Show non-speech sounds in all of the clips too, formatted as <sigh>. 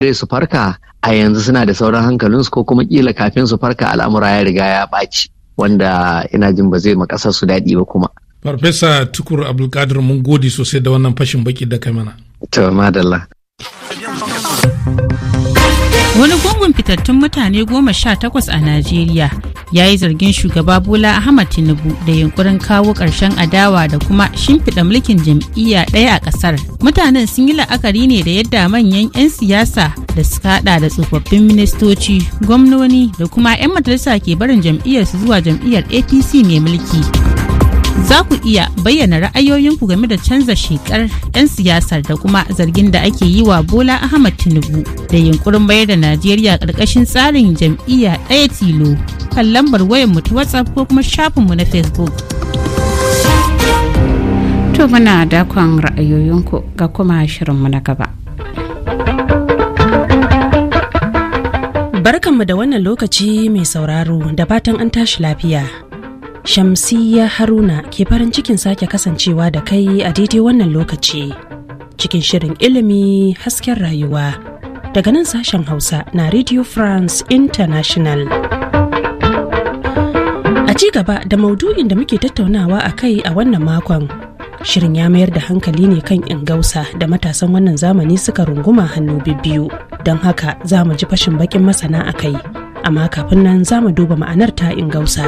dai su farka a yanzu suna da sauran hankalin su ko kuma kila kafin su farka al'amura ya riga ya ɓaci wanda ina jin ba zai makasar su daɗi ba kuma. Farfesa Tukur Abdulkadir mun gode sosai da wannan fashin baki da kai mana. To madalla. Wani gungun fitattun mutane goma sha takwas a Najeriya ya yi zargin shugaba bola ahmad tinubu da yunkurin kawo ƙarshen adawa da kuma shimfiɗa mulkin jam'iyya ɗaya a ƙasar mutanen sun yi la'akari ne da yadda manyan 'yan siyasa da suka haɗa da tsofaffin ministoci gwamnoni da kuma 'yan majalisa ke barin jam'iyyarsu zuwa jam'iyyar apc mai mulki. za ku iya bayyana ra'ayoyinku game da canza shekar 'yan siyasar da kuma zargin da ake yi wa bola ahmad tinubu da yunkurin bayar da najeriya karkashin tsarin jam'iyya ɗaya tilo kan lambar mu ta whatsapp ko kuma shafinmu na facebook to muna dakon ra'ayoyinku ga kuma shirinmu na gaba barkanmu da wannan lokaci mai sauraro da fatan an tashi lafiya Shamsiyya Haruna ke farin cikin sake kasancewa da kai a daidai wannan lokaci cikin shirin ilimi hasken rayuwa daga nan sashen Hausa na Radio France International. A ci gaba da maudu'in da muke tattaunawa a kai a wannan makon. Shirin ya mayar da hankali ne kan ingausa da matasan wannan zamani suka runguma hannu biyu don haka za mu ji fashin bakin masana a kai, amma kafin nan za mu duba ma'anar ta ingausa.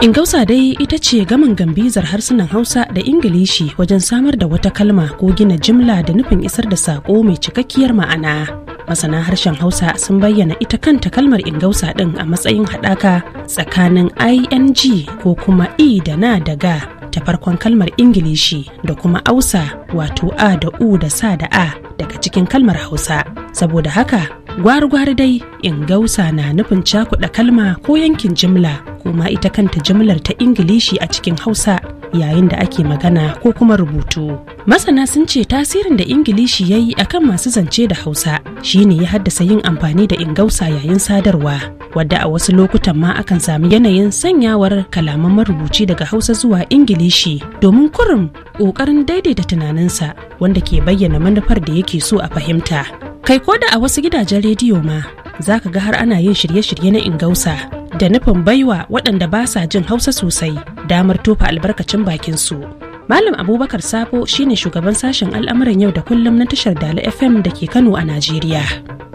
Ingausa dai ita ce gaman gambizar harsunan Hausa da Ingilishi wajen samar da wata kalma ko gina jimla da nufin isar da sako mai cikakkiyar ma'ana. Masana harshen Hausa sun bayyana ita kanta kalmar Ingausa ɗin a matsayin haɗaka tsakanin ing ko kuma i e da na daga ta farkon kalmar Ingilishi da kuma ausa wato a da u da sa da a daga cikin kalmar Hausa. Saboda haka gwar gwari dai in gausa na nufin cakuɗa kalma ko yankin jimla kuma ita kanta jimlar ta ingilishi a cikin hausa yayin da ake magana ko kuma rubutu masana sun ce tasirin da ingilishi ya yi akan masu zance da hausa shine ya haddasa yin amfani da ingausa yayin sadarwa wadda a wasu lokutan ma akan sami yanayin sanyawar kalaman marubuci daga hausa zuwa ingilishi domin kurum ƙoƙarin daidaita tunaninsa wanda ke bayyana manufar da yake so a fahimta kai ko da a wasu gidajen rediyo ma za ka ga har ana yin shirye-shirye na ingausa da nufin baiwa waɗanda ba sa jin hausa sosai damar tofa albarkacin bakin su malam abubakar sabo shine shugaban sashen al'amuran yau da kullum na tashar dala fm da ke kano a najeriya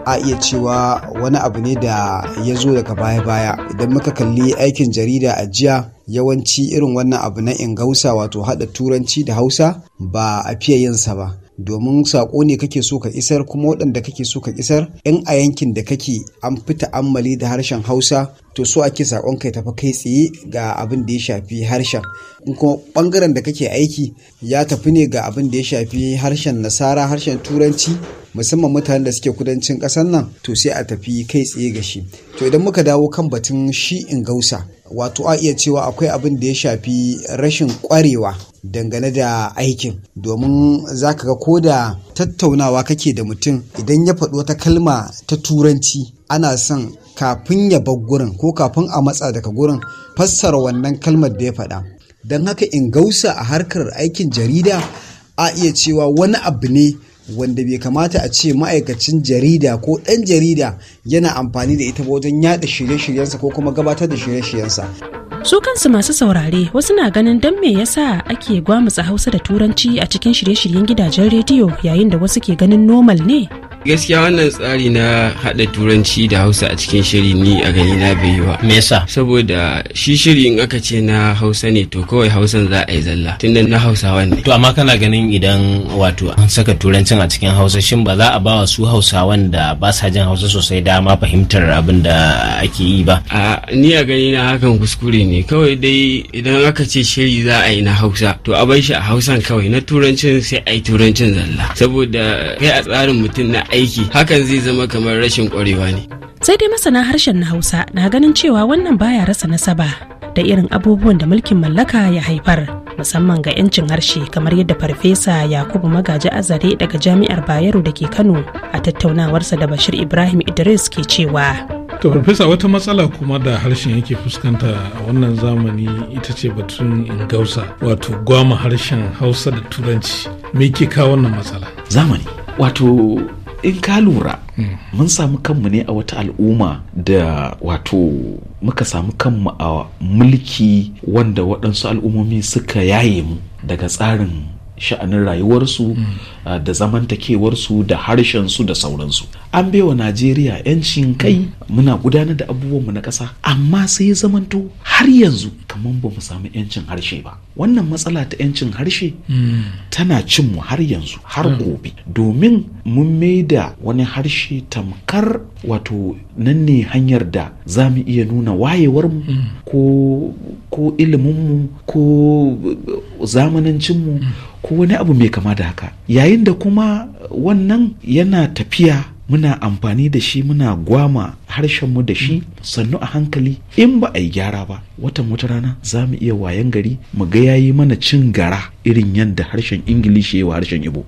a iya cewa wani abu ne da ya zo daga baya-baya idan muka kalli aikin jarida a jiya yawanci irin wannan abu na ingausa wato haɗa turanci da hausa ba a fiye yinsa ba domin saƙo ne kake so ka isar kuma waɗanda kake so ka isar in a yankin da kake an fi ta'ammali da harshen hausa to so ake saƙon kai tafi kai tsaye ga abin da ya shafi harshen in kuma ɓangaren da kake aiki ya tafi ne ga abin da ya shafi harshen nasara harshen turanci musamman mutanen da suke kudancin ƙasar nan to sai a tafi kai tsaye ga shi to idan muka dawo kan batun shi in gausa wato a iya cewa akwai abin da ya shafi rashin kwarewa dangane da aikin domin za ka ga ko da tattaunawa kake da mutum idan ya faɗi wata kalma ta turanci ana son kafin ya bar gurin ko kafin a matsa daga gurin fassara wannan kalmar da ya faɗa don haka in gausa a harkar aikin jarida a iya cewa wani abu ne wanda bai kamata a ce ma'aikacin jarida ko ɗan jarida yana amfani da ita ba wajen yada shirye-shiryensa ko kuma gabatar da shirye-shiryensa. su kansu masu saurare wasu na ganin don me yasa ake gwamutsa hausa da turanci a cikin shirye-shiryen gidajen rediyo yayin da wasu ke ganin normal ne gaskiya wannan tsari na haɗa turanci da hausa a cikin shiri ni a gani na bai yi wa? me yasa saboda shi shiri in aka ce na hausa ne to kawai hausan za a yi zalla tunda na hausawa ne to amma kana ganin idan wato an saka turancin a cikin hausa shin ba za a ba wa su hausawan da ba sa jin hausa sosai dama fahimtar abin da ake yi ba a ni a gani na hakan kuskure ne kawai dai idan aka ce shiri za a yi na hausa to a bai shi a hausan kawai na turancin sai a yi turancin zalla saboda kai a tsarin mutum na aiki hakan zai zama kamar rashin ƙwarewa ne sai dai masana harshen na hausa na ganin cewa wannan baya rasa nasaba da irin abubuwan da mulkin mallaka ya haifar musamman ga 'yancin harshe kamar yadda farfesa yakubu magaji azare daga jami'ar bayero da ke kano a tattaunawarsa da bashir ibrahim idris ke cewa to farfesa wata matsala kuma da harshen yake fuskanta a wannan zamani ita ce batun ingausa wato gwama harshen hausa da turanci me ke kawo wannan matsala zamani wato in ka lura mun samu kanmu ne a wata al'umma da wato muka samu kanmu a mulki wanda waɗansu al'ummomi suka yaye mu daga tsarin sha'anin rayuwarsu mm. uh, da zamantakewarsu da harshensu da sauransu an baiwa najeriya 'yancin kai mm. muna gudanar da abubuwanmu na ƙasa amma sai zamanto har yanzu kamar ba mu samu 'yancin harshe ba wannan matsala ta 'yancin harshe mm. tana cinmu har yanzu har gobe domin mun maida wani harshe tamkar wato nan ne hanyar da za mu iya nuna wayewarmu ko iliminmu ko zamanancinmu ko wani abu mai kama da haka yayin da kuma wannan yana tafiya muna amfani da shi muna gwama harshen mu da shi sannu a hankali in ba a yi gyara ba watan wata rana za mu iya wayan gari mu ga yayi mana cin gara irin yadda harshen ingilishi ya wa harshen ibo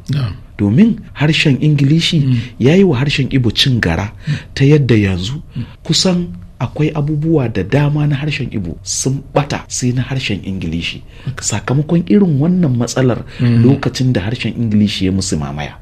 domin harshen ingilishi mm. ya yi wa harshen ibo cin gara mm. ta yadda yanzu mm. kusan akwai abubuwa da dama na harshen ibo sun bata sai na harshen ingilishi sakamakon irin wannan matsalar mm. lokacin da harshen ingilishi ya musu mamaya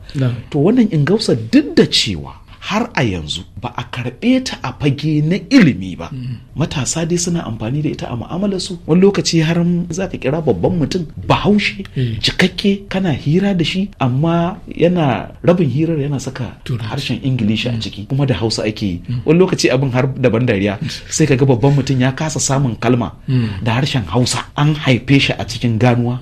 to wannan ingausa duk da cewa har a yanzu ba a karɓe ta a fage na ilimi ba matasa dai suna amfani da ita a mu'amalar su wani lokaci har za ka kira babban mutum bahaushe eh. cikakke kana hira da shi amma yana rabin hirar yana saka harshen ingilishi a hmm. ciki kuma da hausa ake yi hmm. wani lokaci abin har daban dariya <laughs> sai ka ga babban mutum ya kasa samun kalma hmm. da harshen hausa an haife shi a cikin ganuwa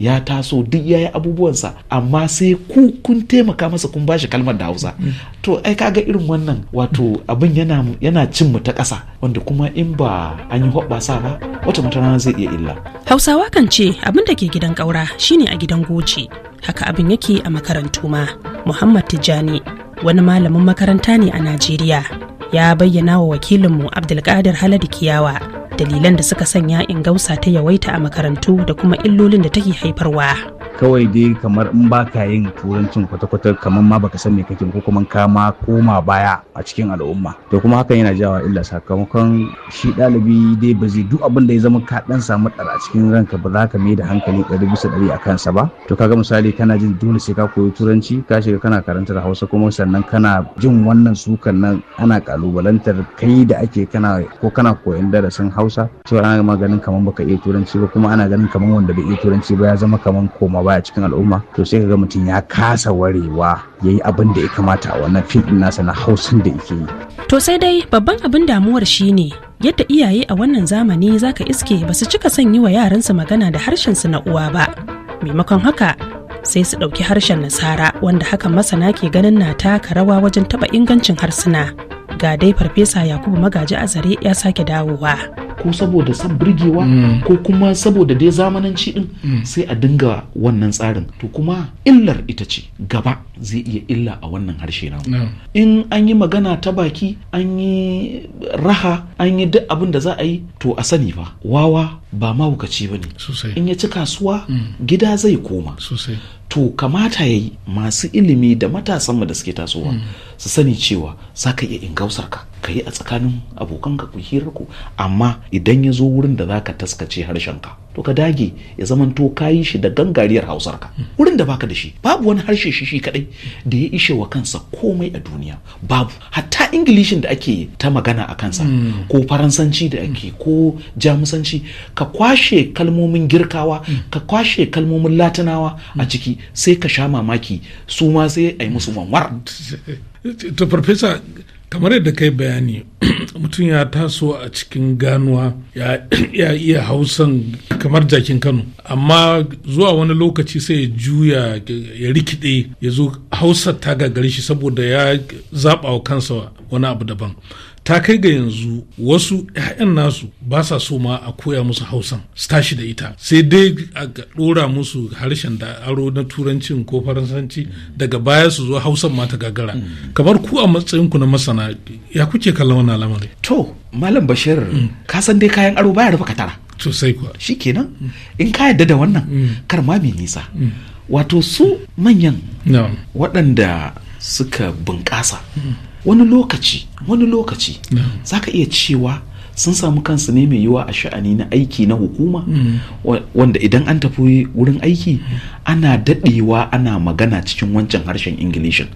ya taso duk yayi abubuwansa amma sai ku kun taimaka masa kun bashi kalmar da hausa to ai ka kaga irin wannan wato abin yana yana cin mu ta ƙasa wanda kuma in ba an yi hoɓɓasa ba wata mata rana zai iya illa hausawa kan ce abin da ke gidan ƙaura shine a gidan goce haka abin yake a makarantu ma muhammad tijjani wani malamin makaranta ne a najeriya ya bayyana wa wakilinmu abdulkadir haladu kiyawa dalilan da suka sanya in gausa ta yawaita a makarantu da kuma illolin da take haifarwa kawai dai kamar in ba ka yin turancin kwata-kwata kamar ma baka san me kake ko kuma ka ma koma baya a cikin al'umma to kuma hakan yana jawa illa sakamakon shi ɗalibi dai ba zai duk abin da ya zama ka dan samu ɗara a cikin ranka ba za ka mai da hankali ɗari bisa ɗari a kansa ba to kaga misali kana jin dole sai ka koyi turanci ka shiga kana karantar hausa kuma sannan kana jin wannan sukan nan ana kalubalantar kai da ake kana ko kana koyon darasin hausa to ana maganin kamar baka iya turanci ba kuma ana ganin kamar wanda bai iya turanci ba ya zama kamar koma baya cikin al'umma to sai kaga mutum ya kasa warewa ya yi abin da ya kamata a wannan fim nasa na hausin da yake yi to sai dai babban abin damuwar shine yadda iyaye a wannan zamani zaka iske ba su cika son yi wa yaransu magana da harshen su na uwa ba maimakon haka sai su ɗauki harshen nasara wanda hakan masana ke ganin na taka rawa wajen taɓa ingancin harsuna ga dai farfesa yakubu magaji azare ya sake dawowa ko saboda san birgewa mm. ko kuma saboda dai zamananci din mm. sai a dinga wannan tsarin to kuma illar ita ce gaba zai iya illa a wannan harshe na in an yi magana ta baki an yi raha an yi duk abin da za a yi to a sani fa wawa ba mahaukaci ba ne in ya ci kasuwa mm. gida zai koma to kamata ya yi masu ilimi da matasanmu da suke tasowa hmm. su sani cewa za ka iya ingausar ka ka yi a tsakanin abokanka ku hirar ku amma idan ya zo wurin da za ka taskace harshen ka. to ka dage ya zamanto ka yi shi da gangariyar hausar ka wurin da baka da shi babu wani harshe shi shi kadai da ya ishe wa kansa komai a duniya babu hatta ingilishin da ake ta magana a kansa hmm. ko faransanci da ake hmm. ko jamusanci ka kwashe kalmomin girkawa hmm. ka kwashe kalmomin latinawa a ciki sai ka sha mamaki su ma sai a yi musu mamwar to professor kamar yadda kai bayani <clears throat> mutum ya taso a cikin ganuwa <clears throat> ya iya hausan kamar jakin kano amma zuwa wani lokaci sai ya juya ya rikide ya zo hausa ta gagari shi saboda ya zaɓa wa kansa wani abu daban ta kai ga yanzu wasu 'ya'yan nasu ba sa so ma a koya musu hausan su tashi da ita sai dai a ɗora musu harshen da aro na turanci ko faransanci daga baya su zo hausan ma ta gagara mm. kamar ku a matsayinku na masana ya kuke kallon wannan lamarin to malam bashir mm. ka san dai kayan aro baya rufe katara sosai kuwa shikenan mm. in ka yadda da wannan kar ma mai nisa wato su manyan waɗanda suka bunƙasa wani lokaci wani lokaci za ka iya cewa sun samu kansu ne mai yiwa a sha'ani na aiki na hukuma mm. wanda idan an tafi wurin aiki mm. ana daɗewa ana magana cikin wancan harshen ingilishin